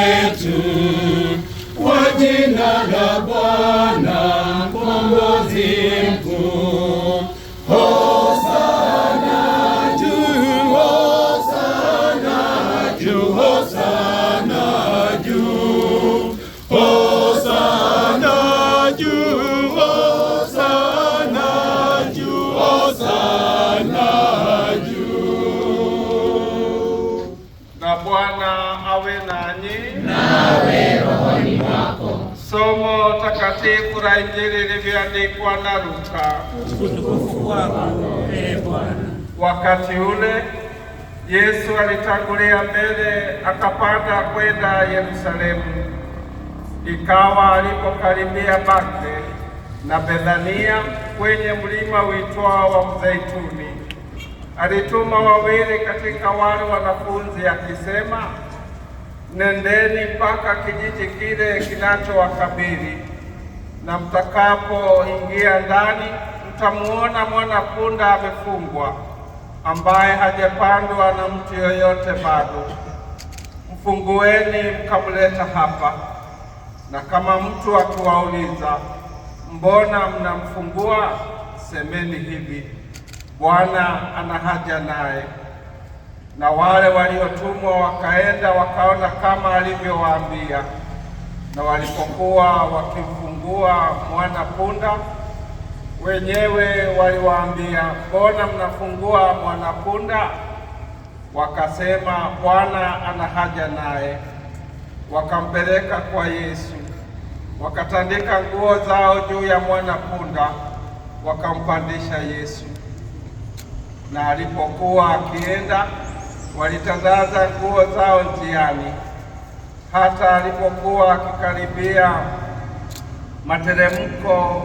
wetu wa jina la Bwana. ate injerere vyoandikwa na Luka. Utukufu wako ee Bwana. Wakati ule Yesu alitangulia mbele akapanda kwenda Yerusalemu. Ikawa alipokaribia Makwe na Bethania kwenye mlima uitwao wa Mzeituni, alituma wawili katika wale wanafunzi akisema, nendeni mpaka kijiji kile kinachowakabili na mtakapoingia ndani mtamuona mwana punda amefungwa, ambaye hajapandwa na mtu yoyote bado. Mfungueni mkamleta hapa, na kama mtu akiwauliza mbona mnamfungua, semeni hivi, Bwana ana haja naye. Na wale waliotumwa wakaenda wakaona kama alivyowaambia, na walipokuwa wakifungua kumfungua mwana punda. Wenyewe waliwaambia, mbona mnafungua mwana punda? Wakasema, Bwana ana haja naye. Wakampeleka kwa Yesu, wakatandika nguo zao juu ya mwana punda, wakampandisha Yesu. Na alipokuwa akienda, walitandaza nguo zao njiani. Hata alipokuwa akikaribia materemko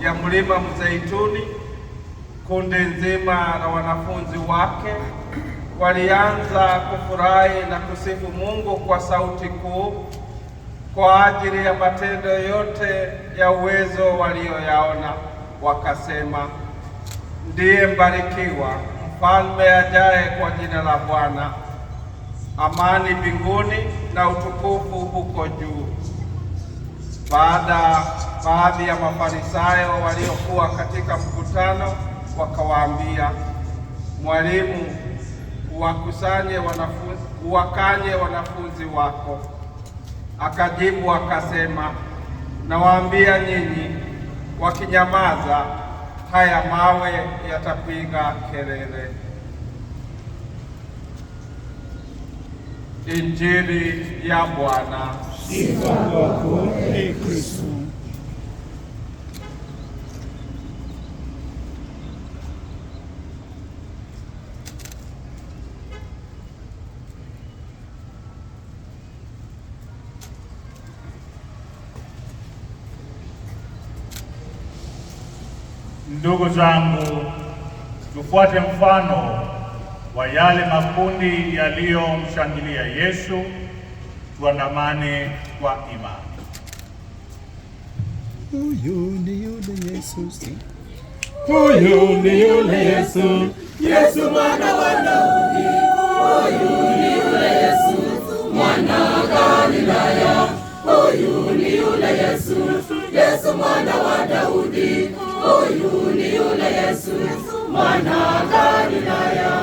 ya mlima Mzeituni. Kundi nzima la wanafunzi wake walianza kufurahi na kusifu Mungu kwa sauti kuu kwa ajili ya matendo yote ya uwezo walioyaona, wakasema, ndiye mbarikiwa mfalme ajaye kwa jina la Bwana, amani mbinguni na utukufu huko juu. Baada baadhi ya Mafarisayo waliokuwa katika mkutano wakawaambia, Mwalimu, uwakusanye wanafunzi, uwakanye wanafunzi wako. Akajibu akasema, nawaambia nyinyi, wakinyamaza haya mawe yatapiga kelele. Injili ya Bwana. Ndugu zangu, tufuate mfano wa yale makundi yaliyomshangilia Yesu tuandamane kwa imani. Huyu ni yule Yesu, huyu ni yule Yesu, Yesu mwana wa Daudi, huyu ni yule Yesu mwana wa Galilaya, huyu ni yule Yesu, Yesu mwana wa Daudi, huyu ni yule Yesu mwana wa Galilaya.